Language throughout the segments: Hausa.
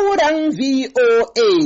zauren VOA.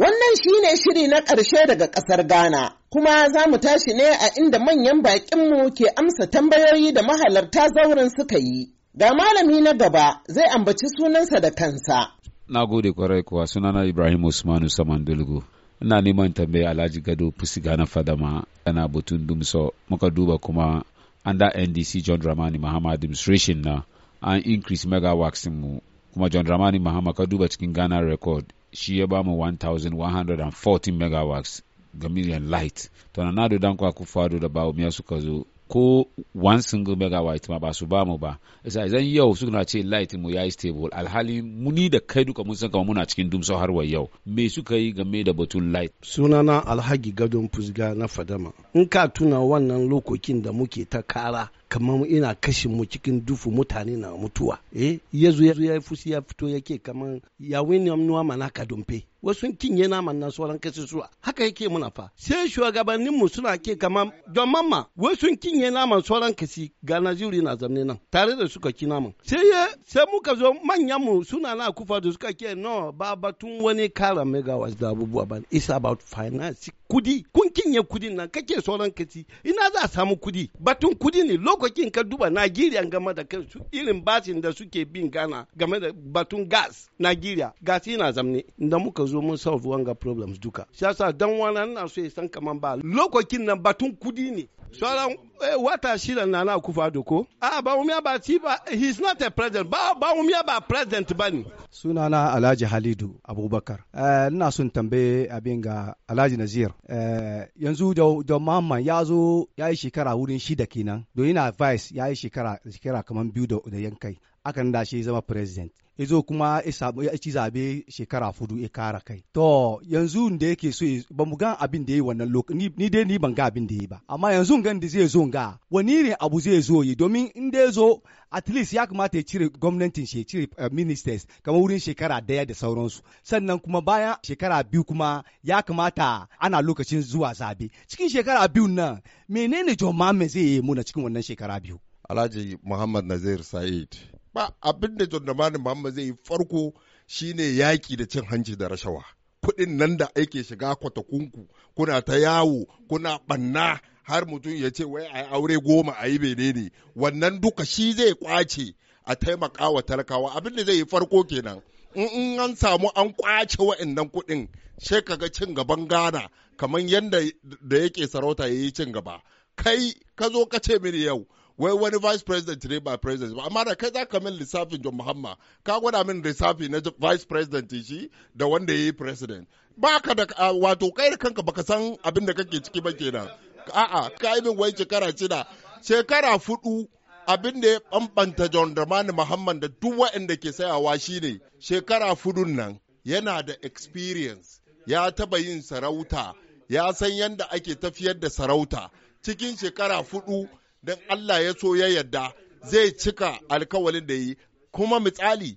Wannan shi ne shiri na ƙarshe daga ƙasar Ghana, kuma za mu tashi ne a inda manyan baƙinmu ke amsa tambayoyi da mahalarta zauren suka yi. Ga malami na gaba zai ambaci sunansa da kansa. Na gode kwarai kuwa sunana Ibrahim Usmanu Saman Dulgu. Ina neman tambayi Alhaji Gado fusi na Fadama yana butun Dumso muka duba kuma under NDC John Dramani Mahama administration na an increase megawatts mu kuma john ramani mahama ka duba cikin ghana record shi ya bamu 1140 megawatts ga miliyan light tonanado na nado danko akufado da bawumiya suka zo ko one single megawatt ma ba su ba mu ba isa idan yau suna ce light mu yayi stable alhali muni da kai duka mun san kama muna cikin dum har wa yau me suka yi game da batun light sunana alhagi gadon fusga na fadama in ka tuna wannan lokokin da muke ta kara kamar ina kashin mu cikin dufu mutane na mutuwa eh yazo yazo ya fusi ya fito yake kamar ya wani amnuwa mana ka dumfe wasu kinye naman na sauran kasi su haka yake muna fa sai shugabannin mu suna ke kama don mamma wasu kinye naman sauran kasi ga naziri na zamne nan tare da suka ki naman sai sai muka zo manyan mu suna na kufa da suka ke no ba batun wani kara megawatt da abubuwa ba it's about finance kudi kun kinye kudin nan kake sauran kaci ina za a samu kudi batun kudi ne lokacin ka duba Najeriya game da kansu irin basin da suke bin gana game da batun gas Najeriya gas yana zamne da muka zo mun solve wanga problems duka shi yasa dan wani na so ya san kaman ba lokacin nan batun kudi ne sauran eh, wata shida na kufa doko a ah, ba umiya ba ti ba he's not a president ba ba ba president ba ne sunana alhaji halidu abubakar eh, ina son tambaye abin ga alhaji nazir eh, yanzu da mamman ya zo ya yi shekara wurin shida kenan don yana vice ya yi shekara kamar biyu da yankai akan da shi zama president ya zo kuma ya ci zabe shekara fudu ya kara kai to yanzu da yake so ba mu ga abin da yi wannan lokaci ni dai ni ban ga abin da yi ba amma yanzu gan da zai zo ga wani ne abu zai zo yi domin in da ya zo at least ya kamata ya cire gwamnatin shi cire eh, ministers kamar wurin shekara daya da sauransu sannan kuma bayan shekara biyu kuma ya kamata ana lokacin zuwa zabe cikin shekara biyu nan menene John Mahmoud zai yi muna cikin wannan shekara biyu Alhaji Muhammad Nazir Said ba abin da John Dramani Muhammad zai yi farko shine yaki da cin hanci da rashawa. Kuɗin nan da ake shiga kwatakunku kuna ta yawo kuna ɓanna har mutum ya ce wai a aure goma a yi menene wannan duka shi zai kwace a taimaka wa talakawa abin da zai yi farko kenan in an samu an kwace wa'annan kuɗin sai ga cin gaban gana, kamar yadda da yake sarauta ya yi cin gaba kai ka zo ka ce mini yau wai wani vice president ne ba president ba amma da kai za ka min lissafin John Muhammad ka gwada min lissafi na vice president shi da wanda ya yi president ba ka da wato kai da kanka baka san abin da kake ciki ba kenan a'a ka yi min wai shekara shida shekara fudu abin da ya bambanta John Dramani Muhammad da duk waɗanda ke sayawa shine shekara fudun nan yana da experience ya taba yin sarauta ya san yadda ake tafiyar da sarauta cikin shekara fudu don Allah ya so ya yarda zai cika alkawalin da yi kuma misali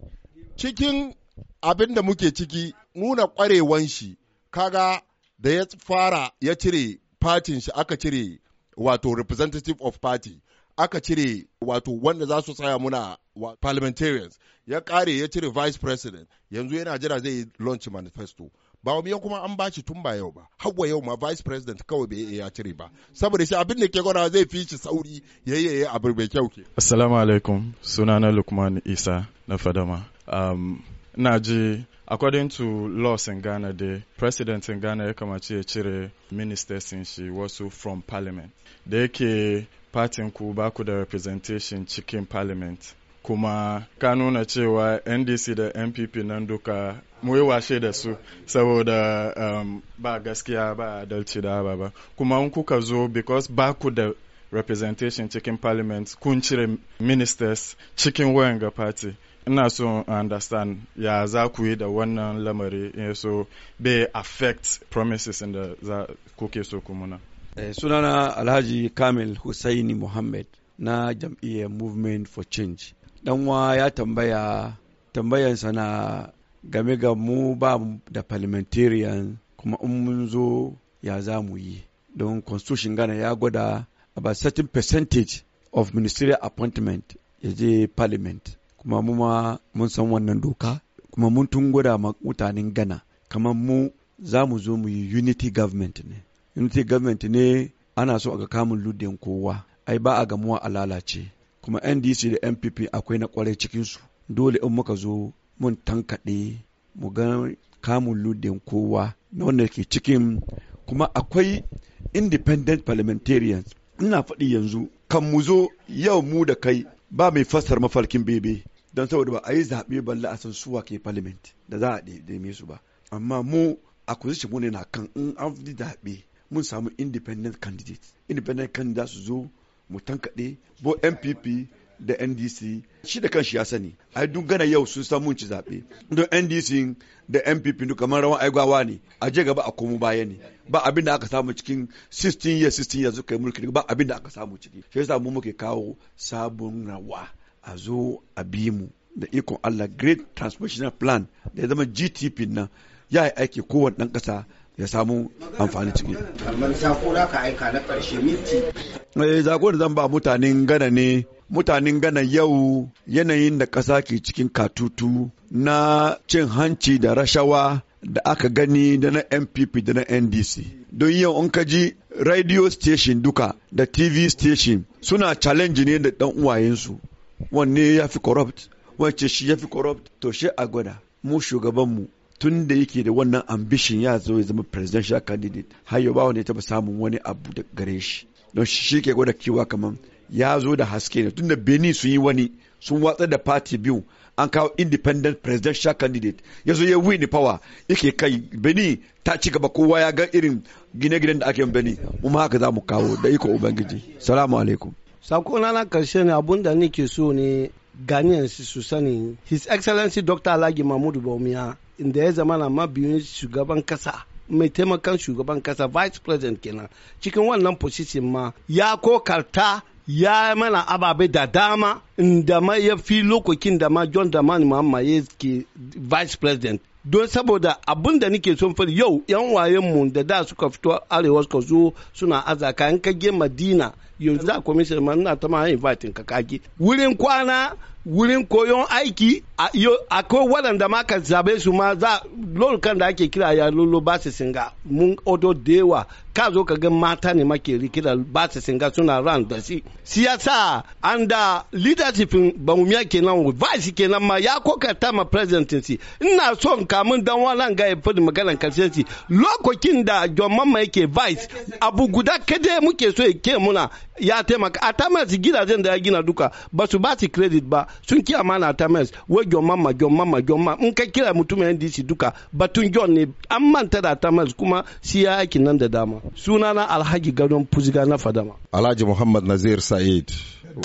cikin abin da muke ciki nuna ƙwarewan shi kaga da ya fara ya cire fatin shi aka cire wato representative of party aka cire wato wanda za su tsaya muna parliamentarians ya kare ya cire vice president yanzu yana jira zai launch manifesto ba wa kuma an ba shi tun ba yau ba hawa yau ma vice president kawai bai ya cire ba saboda shi abin da ke gwada zai fi shi sauri yayi yayi abu bai kyau ke assalamu alaikum sunana lukman isa na fadama um, na ji according to laws in ghana the president in ghana ya kamace ya cire ministers shi wasu from parliament da yake fatin ku ba ku da representation cikin parliament kuma ka nuna cewa ndc da npp nan duka mu yi washe da su saboda um, ba gaskiya ba adalci da ba ba kuma in kuka zo because ba ku da representation cikin parliament kun cire ministers cikin wayan ga party ina so understand ya za ku yi da wannan lamari eh, so bai affect promises da za kuke so kumuna eh, sunana alhaji kamil hussaini muhammad na jam'iyyar movement for change danwa ya tambaya tambayansa na game ga mu ba da parliamentarian kuma in mun zo ya za mu yi don constitution gana ya gwada about certain percentage of ministerial appointment ya je parliament kuma mu ma mun san wannan doka kuma mun tun gwada mutanen gana kamar mu za mu zo mu yi unity government ne unity government ne ana so a ga kamun ludin kowa ai ba a gamuwa a lalace kuma ndc da npp akwai na kwarai cikinsu dole in muka zo mun tankaɗe mu ga kamun ludin kowa na wanda ke cikin kuma akwai independent parliamentarians ina faɗi yanzu kan mu zo yau mu da kai ba mai fassar mafarkin bebe don saboda ba a yi zaɓe balla a san suwa ke parliament da za a daidai su ba amma mu a kuzishin mu ne na kan in an fi zaɓe mun samu independent candidate independent candidate su zo mu tankaɗe bo npp da ndc shi da kanshi ya sani ai duk gana yau sun mun ci zaɓe don ndc da npp kamar rawan aigawa ne a je gaba a komo baya ne ba abin da aka samu cikin 16 years 16 years kai mulki ba abin da aka samu ciki shi yasa mu muke kawo sabon rawa a zo a bi mu da iko Allah great transformational plan da ya zama GTP nan ya yi aiki kowane dan ƙasa ya samu amfani ciki. Kamar zako da ka aika na ƙarshe minti. Zako eh, da zan ba mutanen gana ne mutanen gana yau yanayin da ƙasa ke cikin katutu na cin hanci da rashawa da aka gani da na MPP da na NDC. Don yau in ka ji radio station duka da TV station suna challenge ne da ɗan uwayensu. Wanne ya fi corrupt, wacce shi ya fi corrupt, to shi a gwada mu shugabanmu tun da yake da wannan ambition ya zo ya zama presidential candidate har yau ba wanda taba samun wani abu da gare shi don shi ke gwada kiwa kamar ya zo da haske ne tunda benin sun yi wani sun watsa da party biyu an kawo independent presidential candidate ya zo ya win the power yake kai benin ta ci gaba kowa ya ga irin gine-ginen da ake yin benin mu ma haka za mu kawo da iko ubangiji salamu alaikum sako na karshe ne abun da nake so ne Ghanaians su sani His Excellency Dr. Alhaji Mahmudu Bawumia inda ya zama na mabiyin shugaban kasa mai taimakon shugaban kasa vice president kenan cikin wannan position ma ya kokarta ya mana ababe da dama da ma ya fi lokacin da ma John Dramani Mahama ya ke vice president don saboda abin da nake son fari yau yan mu da da suka fito arewa suka zo suna azaka in ka je madina yanzu za a kwamishin ma ina ta ma invite ka kaki wurin kwana wurin koyon aiki akwai waɗanda ma ka zabe su ma za kan da ake kira ya lolo ba su singa mun odo dewa ka zo ka ga mata ne make rikira ba su singa suna ran da si siyasa an da leadership ba mu miya kenan vice kenan ma ya kokarta ma presidency ina son kamun dan wannan ga ya fadi maganar karshenci lokacin da John Mamman yake vice abu guda kada muke so ya ke muna ya taimaka a tamas gidajen da ya gina duka ba su ba su credit ba sun ki amana tamas wai john mama john mama john mama in ka kira mutumin ndc duka batun john ne an manta da tamas kuma shi ya aikin nan da dama sunana alhaji gadon fuzga na fadama alhaji muhammad nazir sa'id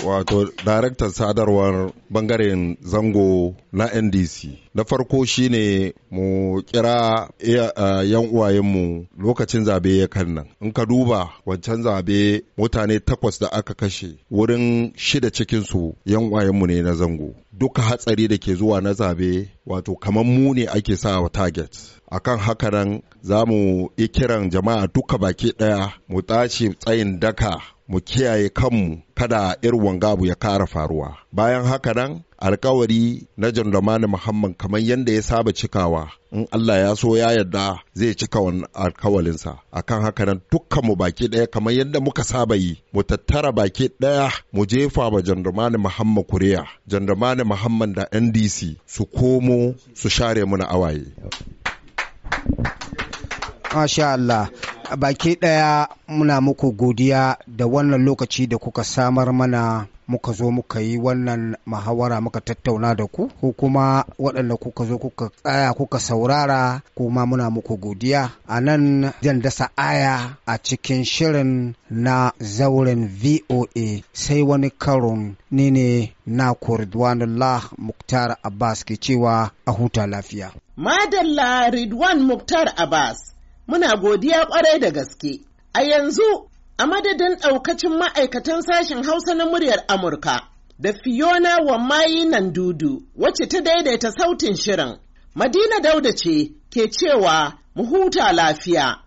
wato daraktan sadarwar bangaren zango na ndc na farko shine mu kira eh, eh, yan uwayenmu lokacin zabe ya kan nan in ka duba wancan zabe mutane takwas takwas da aka kashe wurin shida cikinsu yan mu ne na zango duka hatsari da ke zuwa na zabe wato kamar mu ne ake sa wa target akan haka nan za mu yi kiran jama'a duka baki daya mu tashi tsayin daka mu kiyaye kanmu kada irin wanga abu ya kara faruwa bayan haka nan alkawari na jandamani muhammad kamar yadda ya saba cikawa in Allah ya so ya yarda zai cika wani alkawalinsa akan haka nan dukkan mu baki ɗaya kamar yadda muka saba yi mu tattara baki ɗaya mu jefa ba jandamani muhammad kuriya jandamani muhammad da ndc su komo su share muna awaye Masha Allah baki ɗaya muna muku godiya da wannan lokaci da kuka samar mana muka zo muka yi wannan muhawara muka tattauna da ku ko kuma waɗanda kuka zo kuka tsaya kuka saurara kuma muna muku godiya a nan zan dasa aya a cikin shirin na zauren VOA sai wani karon ni ne na Ridwanullah Muktar Abbas ke cewa a huta lafiya. Madalla Ridwan Muktar Abbas muna godiya kwarai da gaske. A yanzu a madadin ɗaukacin ma'aikatan sashen Hausa na muryar Amurka, da Fiona nan dudu wacce ta daidaita sautin shirin. Madina Dauda ce ke cewa mu huta lafiya.